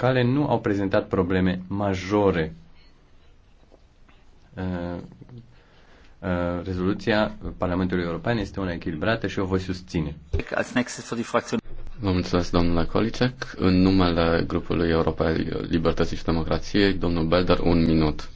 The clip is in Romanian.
cale nu au prezentat probleme majore. Uh, uh, rezoluția Parlamentului European este una echilibrată și o voi susține. Vă mulțumesc, domnule Kolicek. În numele grupului European Libertății și Democrației, domnul Belder, un minut.